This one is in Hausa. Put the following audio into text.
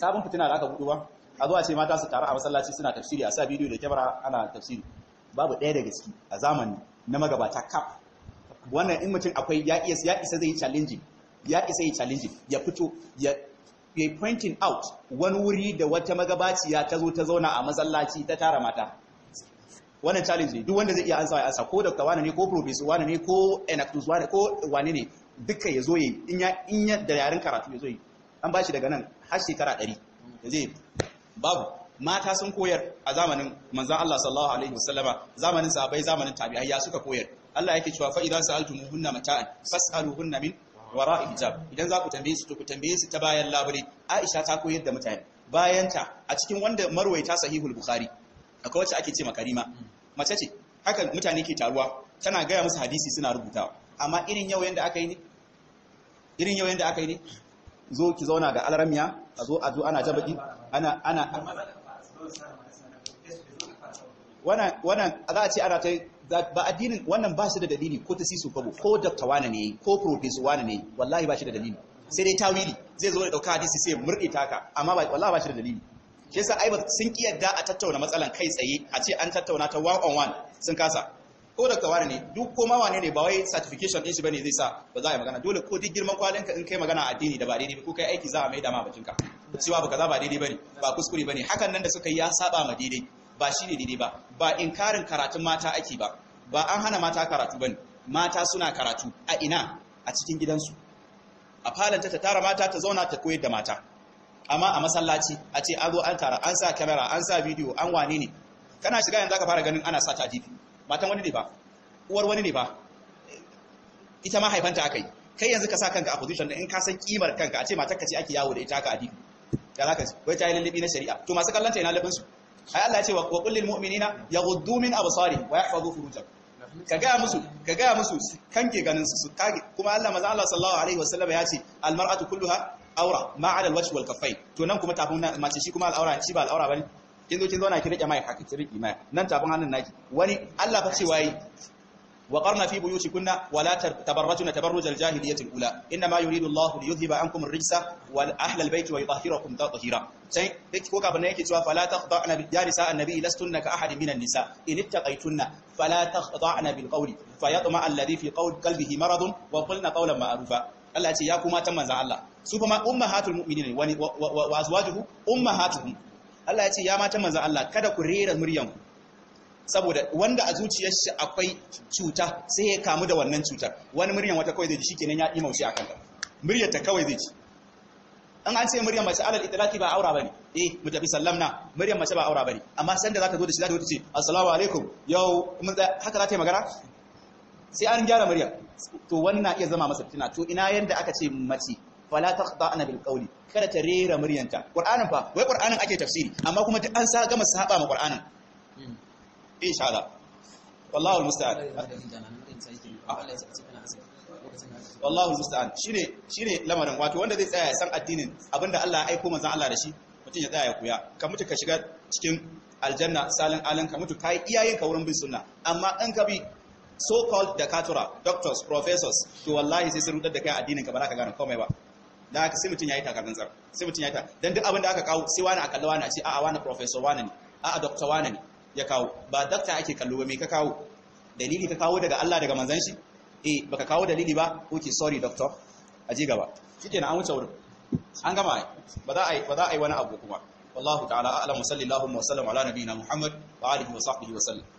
sabon fitina da aka budu ba a zuwa ce mata su taru a masallaci suna tafsiri a sa bidiyo da kyamara ana tafsiri babu ɗaya daga ciki a zamani na magabata kaf wannan in mutum akwai ya isa zai yi challenging ya isa yi challenging ya fito ya pointing out wani wuri da wata magabaciya ta zo ta zauna a masallaci ta tara mata wannan challenge ne duk wanda zai iya ansa ya ansa ko doctor wani ne ko professor wani ne ko enactus wani ko wani ne duka ya zo yi in ya da yaren karatu ya zo yi an ba shi daga nan har shekara ɗari. yanzu babu mata sun koyar a zamanin manzan Allah sallallahu alaihi wasallama zamanin sahabbai zamanin tabi'ai ya suka koyar Allah yake cewa fa idan hunna mata'an fas'aluhunna min wara hijab idan za ku tambaye su to ku tambaye su ta bayan labari Aisha ta koyar da mutane bayanta a cikin wanda marwaita sahihul bukhari akwai wacce ake ce makarima mace ce haka mutane ke taruwa tana gaya musu hadisi suna rubutawa amma irin yau yanda aka yi ne zo ki zauna ga alramiya a zo a zo ana ta baki ana ana wannan wannan za a ce ana ta ba addinin wannan ba shi da dalili ko ta sisu kwabo ko dakta wane ne ko professor wane ne wallahi ba shi da dalili sai dai tawili zai zo da dauka hadisi sai murde taka amma wallahi ba shi da dalili shi yasa ai sun da a tattauna matsalan kai tsaye a ce an tattauna ta one on one sun kasa ko da kawar ne duk ko mawa ne ba wai certification din shi bane zai sa ba za a yi magana dole ko duk girman ka in kai magana addini da ba daidai ba ko kai aiki za a da ma bakinka cewa ba kaza ba daidai bane ba kuskure bane hakan nan da suka yi ya saba ma daidai ba shi ne daidai ba ba inkarin karatun mata ake ba ba an hana mata karatu bane mata suna karatu a ina a cikin gidansu a falanta ta tara mata ta zauna ta koyar da mata amma a masallaci a ce an zo an tara an sa kamera an sa bidiyo an wane ne kana shiga yanzu aka fara ganin ana sa ta jifi matan wani ne ba uwar wani ne ba ita ma haifanta aka yi kai yanzu ka sa kanka a position da in ka san kimar kanka a ce matar ka ce ake yawo da ita haka addini ya ka ce wai ta yi lallabi na shari'a to masu kallon ta yana lubin su ai Allah ya ce wa qul lil mu'minina yaghuddu min absarihim wa yahfazu furujahum ka gaya musu ka gaya musu kanke ganin su su kage kuma Allah maza Allah sallallahu alaihi wasallam ya ce al mar'atu kulluha aura ma'a ala al wajh wal kaffayn to nan kuma tafin mace shi kuma al aura shi ba al aura bane kin zo kin zauna ki rike mai haka ki rike mai nan tafin hannun naki wani Allah fa cewa yi wa qarna fi buyutikunna wa la tabarrajuna tabarrujal jahiliyyati al-ula inma yuridu Allah li yudhhiba ankum ar-rijsa wal ahla al-bayt wa yutahhirakum tatheera sai dake eh, ko kaban yake cewa fala taqta'na bil jarisa annabi lastunna ka ahadin minan nisa in ittaqaytunna fala taqta'na bil qawli fayatma alladhi fi qawli qalbihi maradun wa qulna qawlan ma'rufa Allah ya ce ya kuma ta manzan Allah su kuma ummahatul mu'minin wa azwajuhu ummahatuhum Allah ya ce ya mata manzan Allah kada ku rera muryan saboda wanda a zuciyar shi akwai cuta sai ya kamu da wannan cutar wani muryan wata kawai zai ji shikenan ya yi maushi akan ta muryar ta kawai zai ji an an ce muryar mace alal itlaqi ba aura bane eh mu tafi sallamna muryar mace ba aura bane amma san da zaka zo da shi zaka zo ta ce assalamu alaikum yau mun haka za ta yi magana sai an gyara muryar to wannan iya zama masa fitina to ina yanda aka ce mace fala ana bil qawli kada ta rera muryanta qur'anin fa wai qur'anin ake tafsiri amma kuma an sa gama saba ma qur'anin hmm. insha Allah wallahi almusta'an wallahi almusta'an shine shine lamarin wato wanda zai tsaya san addinin abinda Allah ya aika manzon Allah da shi mutum ya tsaya ya koya ka mutu ka shiga cikin aljanna salin alin ka mutu kai iyayen ka wurin bin sunna amma in ka bi so called da katura doctors professors to wallahi sai sun rudar da kai addinin ka ba za ka gane komai ba da haka sai mutum yayi takarantsar sai mutum yayi ta dan duk abin da aka kawo sai wani a kalla wani a ce a'a wani professor wani ne a'a doctor wani ne ya kawo ba doctor ake kallo ba me ka kawo dalili ka kawo daga Allah daga manzon shi eh baka kawo dalili ba okay sorry doctor ji gaba na an wuce wurin an gama ba za a yi ba za a yi wani abu kuma wallahu ta'ala a'lamu sallallahu alaihi wa sallam ala nabiyina muhammad wa alihi wa sahbihi wa sallam